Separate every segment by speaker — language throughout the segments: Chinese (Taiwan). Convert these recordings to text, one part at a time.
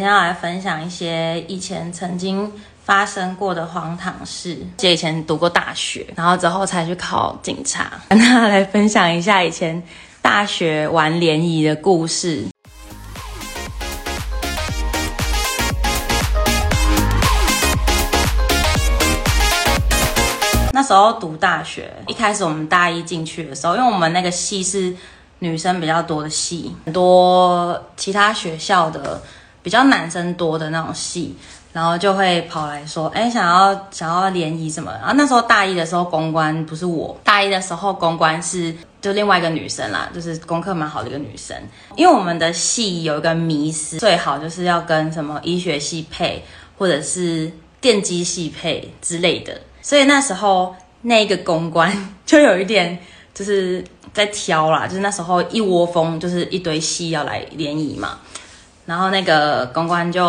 Speaker 1: 今天要來分享一些以前曾經發生過的荒唐事。姐以前讀過大學，然後之後才去考警察。跟大家來分享一下以前大學玩聯誼的故事。 那時候讀大學，一開始我們大一進去的時候，因為我們那個系是女生比較多的系，很多其他學校的。比較男生多的那種系，然後就會跑來說：“哎、欸，想要想要聯誼什麼的？”然後那時候大一的時候，公關不是我，大一的時候公關是就另外一個女生啦，就是功課蠻好的一個女生。因為我們的系有一個迷思，最好就是要跟什麼醫學系配，或者是電機系配之類的。所以那時候那個公關就有一點就是在挑啦，就是那時候一窩蜂，就是一堆系要來聯誼嘛。然後那個公關就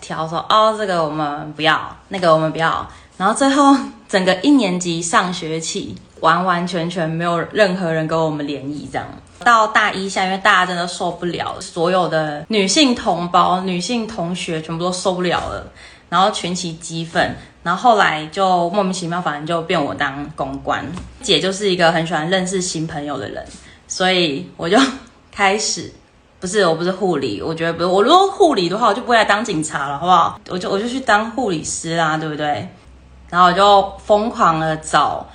Speaker 1: 挑說哦，這個我們不要，那個我們不要。然後最後整個一年級上學期，完完全全沒有任何人跟我們聯誼，這樣到大一下，因為大家真的受不了，所有的女性同胞、女性同學全部都受不了了，然後群起激憤。然後後來就莫名其妙，反正就變我當公關姐，就是一個很喜歡認識新朋友的人，所以我就開始。不是，我不是護理，我覺得不，我如果護理的話，我就不會來當警察了，好不好？我就我就去當護理師啦，對不對？然後我就瘋狂的找，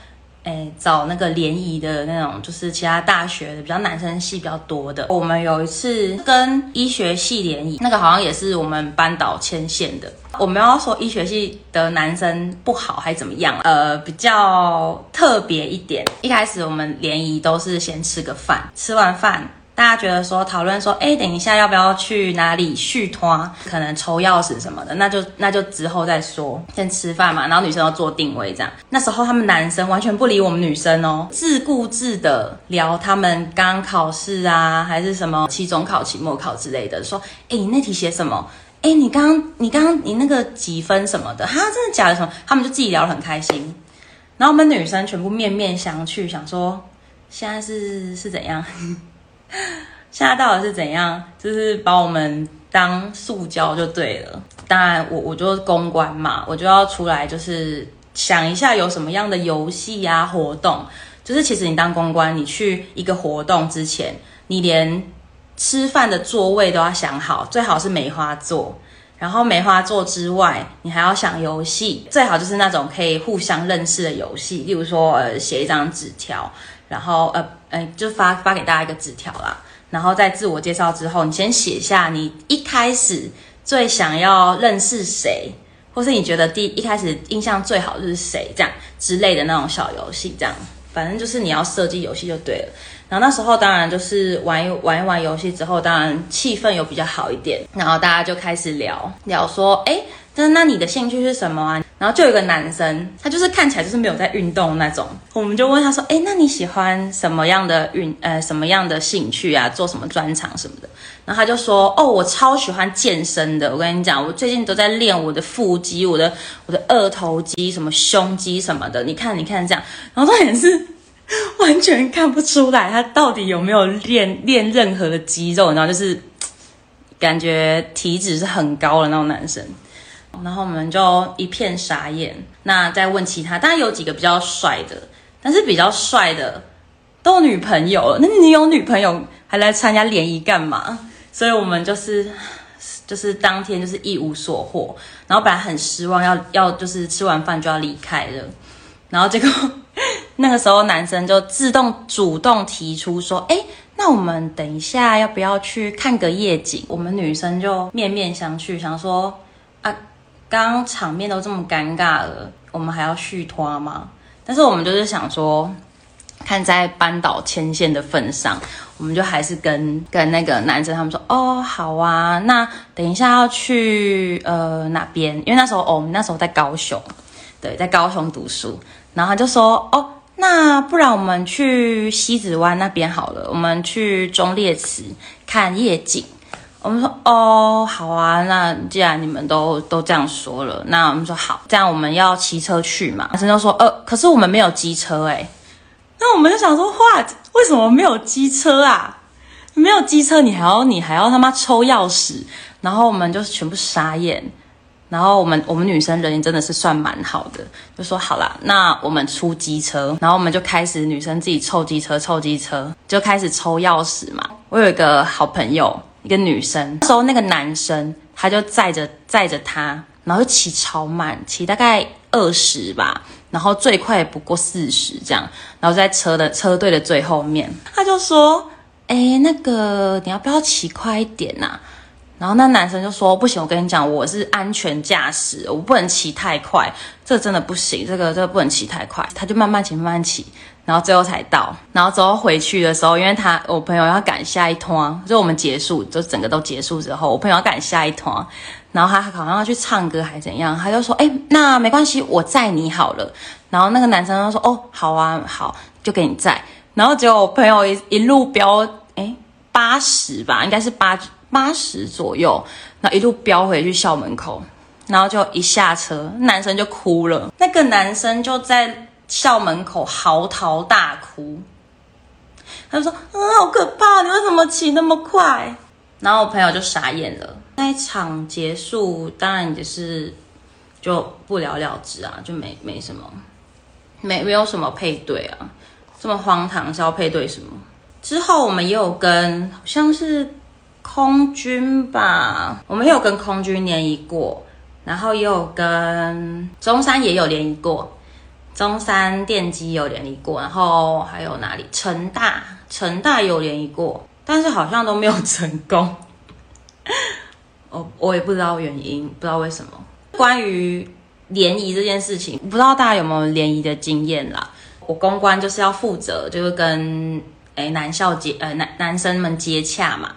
Speaker 1: 哎、欸，找那個聯誼的那種，就是其他大學的比較男生系比較多的。我們有一次跟醫學系聯誼，那個好像也是我們班導牽線的。我沒有要說醫學系的男生不好，還是怎麼樣？呃，比較特別一點。一開始我們聯誼都是先吃個飯，吃完飯，大家覺得說、討論說，誒等一下要不要去哪裡續攤，可能抽鑰匙什麼的，那就那就之後再說，先吃飯嘛。然後女生要做定位這樣。那時候他們男生完全不理我們女生哦，自顧自的聊他們剛考試啊，還是什麼期中考、期末考之類的。說，誒你那題寫什麼？誒你剛你剛你那個幾分什麼的？哈，真的假的？什麼？他們就自己聊得很開心。然後我們女生全部面面相覷，想說現在是是怎樣？現在到底是怎樣？就是把我們當塑膠就對了。當然我，我我就公關嘛，我就要出來，就是想一下有什麼樣的遊戲啊、活動。就是其實你當公關，你去一個活動之前，你連吃飯的座位都要想好，最好是梅花座。然後梅花座之外，你還要想遊戲，最好就是那種可以互相認識的遊戲，例如說，呃，寫一張紙條，然後呃。哎、欸，就發發給大家一個紙條啦。然後在自我介紹之後，你先寫下你一開始最想要認識誰，或是你覺得第一,一開始印象最好就是誰這樣之類的那種小遊戲，這樣。反正就是你要設計遊戲就對了。然後那時候當然就是玩一玩一玩遊戲之後，當然氣氛有比較好一點。然後大家就開始聊，聊說，哎、欸，那那你的興趣是什麼啊？然後就有個男生，他就是看起來就是沒有在運動那種。我們就問他說：“誒，那你喜歡什麼樣的運？呃，什麼樣的興趣啊？做什麼專場什麼的？”然後他就說：“哦，我超喜歡健身的。我跟你講，我最近都在練我的腹肌、我的我的二頭肌、什麼胸肌什麼的。你看，你看這樣。”然後他也是完全看不出來他到底有沒有練練任何的肌肉，然後就是感覺體脂是很高的那種男生。然後我們就一片傻眼，那再問其他，當然有幾個比較帥的，但是比較帥的都有女朋友了。那你有女朋友還來參加聯誼幹嘛？所以我們就是就是當天就是一無所獲，然後本來很失望要，要要就是吃完飯就要離開了，然後結果那個時候男生就自動主動提出說：“哎，那我們等一下要不要去看個夜景？”我們女生就面面相覷，想說啊。剛剛場面都這麼尷尬了，我們還要續拖嗎？但是我們就是想說，看在班導牽線的份上，我們就還是跟跟那個男生他們說，哦，好啊，那等一下要去呃哪邊，因為那時候、哦、我們那時候在高雄，對，在高雄讀書，然後他就說，哦，那不然我們去西子灣那邊好了，我們去忠烈祠看夜景。我們說哦，好啊，那既然你們都都這樣說了，那我們說好，這樣我們要騎車去嘛。男生就說，呃，可是我們沒有機車欸。那我們就想說，哇，為什麼沒有機車啊？沒有機車，你還要你還要他媽抽鑰匙？然後我們就全部傻眼。然後我們我們女生人真的是算蠻好的，就說好啦，那我們出機車，然後我們就開始女生自己抽機車，抽機車就開始抽鑰匙嘛。我有一個好朋友，一個女生，那時候那個男生他就載着載着她，然後就騎超慢，騎大概二十吧，然後最快也不過四十這樣，然後在車的車隊的最後面，他就說：“誒，那個你要不要騎快一點啊？”然後那男生就說：“不行，我跟你講，我是安全駕駛，我不能騎太快，這真的不行，這個這個不能騎太快。”他就慢慢騎，慢慢騎，然後最後才到。然後最後回去的時候，因為他我朋友要趕下一團，就我們結束，就整個都結束之後，我朋友要趕下一團，然後他好像要去唱歌還是怎樣，他就說：“哎，那沒關係，我載你好了。”然後那個男生就說：“哦，好啊，好，就給你載。”然後結果我朋友一一路飆，哎，八十吧，應該是八。八十左右，然後一路飆回去校門口，然後就一下車，男生就哭了。那個男生就在校門口嚎啕大哭，他就說：“啊，好可怕！你為什麼騎那麼快？”然後我朋友就傻眼了。那一場結束，當然也是，就不了了之啊，就沒沒什麼，沒沒有什麼配對啊，這麼荒唐是要配對什麼？之後我們也有跟，好像是。空軍吧，我們有跟空軍聯誼過，然後也有跟中山也有聯誼過，中山電機有聯誼過，然後還有哪裡，成大成大有聯誼過，但是好像都沒有成功。 我我也不知道原因，不知道為什麼。關於聯誼這件事情，不知道大家有沒有聯誼的經驗啦？我公關就是要負責，就是跟誒、欸、男校接呃、欸、男男生們接洽嘛。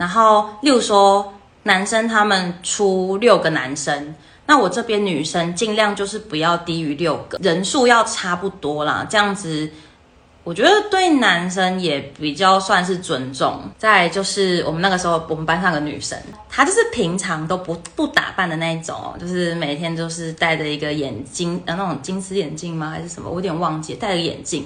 Speaker 1: 然後，例如說男生他們出六個男生，那我這邊女生儘量就是不要低於六個人數，要差不多啦，這樣子我覺得對男生也比較算是尊重。再來就是我們那個時候我們班上的女生，她就是平常都不不打扮的那一種，就是每天都是戴着一個眼鏡，呃、啊，那種金絲眼鏡嗎？還是什麼？我有點忘記戴着眼鏡，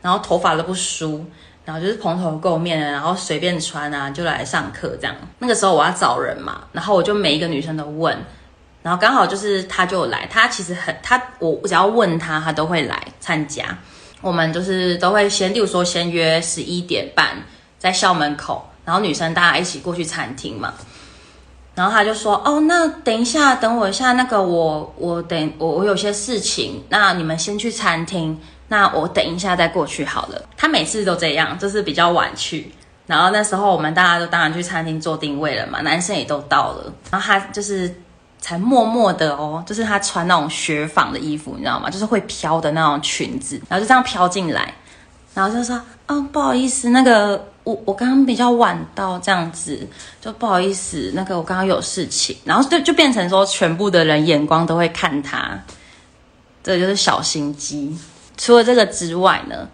Speaker 1: 然後頭髮都不梳。然後就是蓬頭垢面的，然後隨便穿啊就來上課這樣。那個時候我要找人嘛，然後我就每一個女生都問，然後剛好就是她就來。她其實很，她，我只要問她，她都會來參加。我們就是都會先，例如說先約十一點半在校門口，然後女生大家一起過去餐廳嘛。然後他就說：“哦，那等一下，等我一下，那個我我等我我有些事情，那你們先去餐廳，那我等一下再過去好了。”他每次都這樣，就是比較晚去。然後那時候我們大家都當然去餐廳做定位了嘛，男生也都到了。然後他就是才默默的哦，就是他穿那種雪紡的衣服，你知道嗎？就是會飄的那種裙子，然後就這樣飄進來，然後就說：“嗯、哦，不好意思，那個。”我我剛剛比較晚到這樣子，就不好意思，那個我剛剛有事情，然後就就變成說全部的人眼光都會看他，這就是小心機。除了這個之外呢，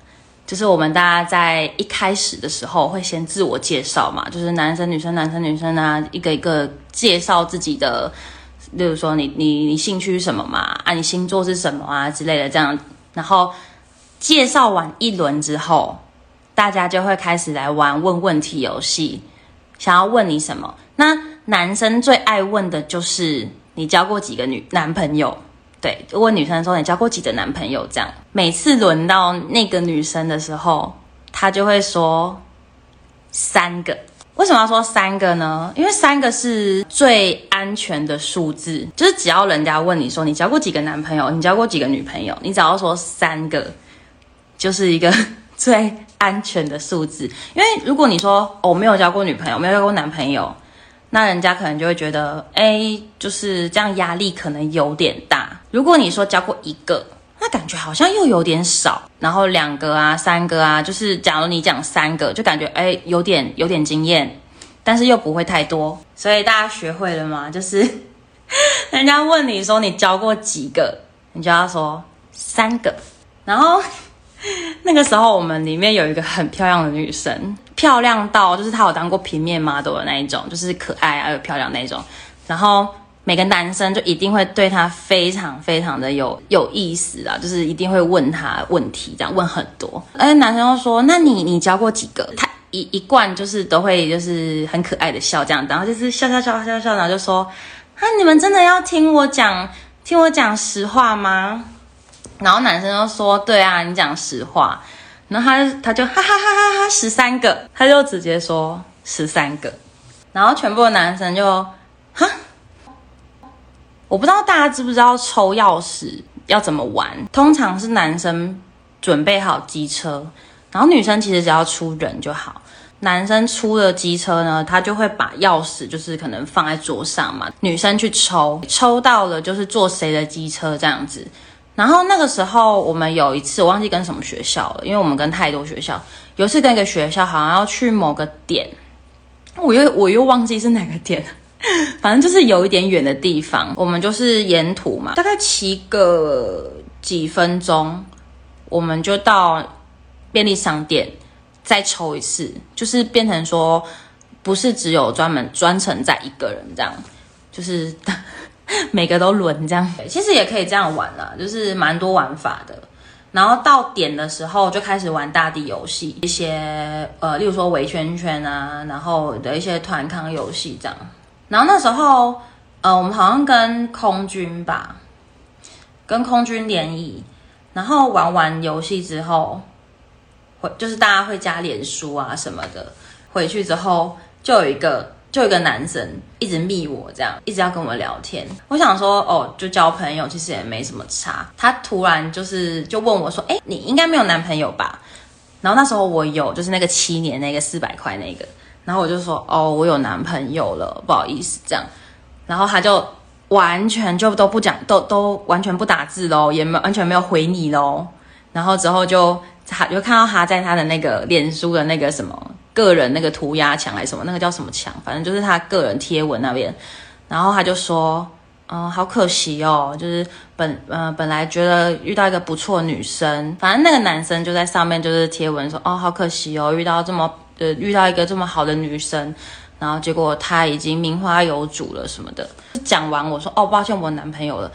Speaker 1: 就是我們大家在一開始的時候會先自我介紹嘛，就是男生女生、男生女生啊，一個一個介紹自己的，例如說你你你興趣什麼嘛，啊你星座是什麼啊之類的這樣，然後介紹完一輪之後。大家就會開始來玩問問題遊戲，想要問你什麼？那男生最愛問的就是你交過幾個女男朋友？對，就問女生說你交過幾個男朋友？這樣每次輪到那個女生的時候，她就會說三個。為什麼要說三個呢？因為三個是最安全的數字，就是只要人家問你說你交過幾個男朋友，你交過幾個女朋友，你只要說三個，就是一個最安全的數字，因為如果你說我、哦、沒有交過女朋友，沒有交過男朋友，那人家可能就會覺得，哎，就是這樣壓力可能有點大。如果你說交過一個，那感覺好像又有點少。然後兩個啊，三個啊，就是假如你講三個，就感覺哎，有點有點經驗，但是又不會太多。所以大家學會了嗎？就是人家問你說你交過幾個，你就要說三個，然後。那個時候，我們裡面有一個很漂亮的女生，漂亮到就是她有當過平面 model 的那一種，就是可愛而、啊、又漂亮那一種。然後每個男生就一定會對她非常非常的有有意思啊，就是一定會問她問題，這樣問很多。而且男生又說：“那你你交過幾個？”她一一貫就是都會就是很可愛的笑這樣，然後就是笑笑笑笑笑，然後就說：“那、啊、你們真的要聽我講聽我講實話嗎？”然後男生就說：“對啊，你講實話。”然後他他就哈哈哈哈哈十三個，他就直接說十三個。然後全部的男生就哈，我不知道大家知不知道抽鑰匙要怎麼玩。通常是男生準備好機車，然後女生其實只要出人就好。男生出了機車呢，他就會把鑰匙就是可能放在桌上嘛，女生去抽，抽到了就是坐誰的機車這樣子。然後那個時候，我們有一次我忘記跟什麼學校了，因為我們跟太多學校。有一次跟一個學校，好像要去某個點，我又我又忘記是哪個點了，反正就是有一點遠的地方。我們就是沿途嘛，大概騎個幾分鐘，我們就到便利商店再抽一次，就是變成說不是只有專門專程在一個人這樣，就是。每個都輪這樣，其實也可以這樣玩啦，啊，就是蠻多玩法的。然後到點的時候就開始玩大地遊戲，一些呃，例如說圍圈圈啊，然後的一些團康遊戲這樣。然後那時候，呃，我們好像跟空軍吧，跟空軍聯誼。然後玩完遊戲之後，會就是大家會加臉書啊什麼的。回去之後就有一個。就有個男生一直密我這樣，一直要跟我聊天。我想說，哦，就交朋友其實也沒什麼差。他突然就是就問我說，哎，你應該沒有男朋友吧？然後那時候我有，就是那個七年那個四百塊那個。然後我就說，哦，我有男朋友了，不好意思這樣。然後他就完全就都不講，都都完全不打字嘍，也沒有完全沒有回你嘍。然後之後就他就看到他在他的那個臉書的那個什麼。個人那個塗鴉牆還是什麼，那個叫什麼牆，反正就是他個人貼文那邊，然後他就說，嗯，好可惜哦，就是本嗯、呃，本來覺得遇到一個不錯女生，反正那個男生就在上面就是貼文說，哦，好可惜哦，遇到這麼呃遇到一個這麼好的女生，然後結果他已經名花有主了什麼的，講完我說，哦，抱歉我男朋友了，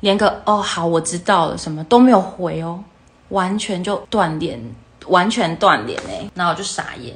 Speaker 1: 連個哦好我知道了什麼都沒有回哦，完全就斷聯。完全斷聯欸，然後就傻眼。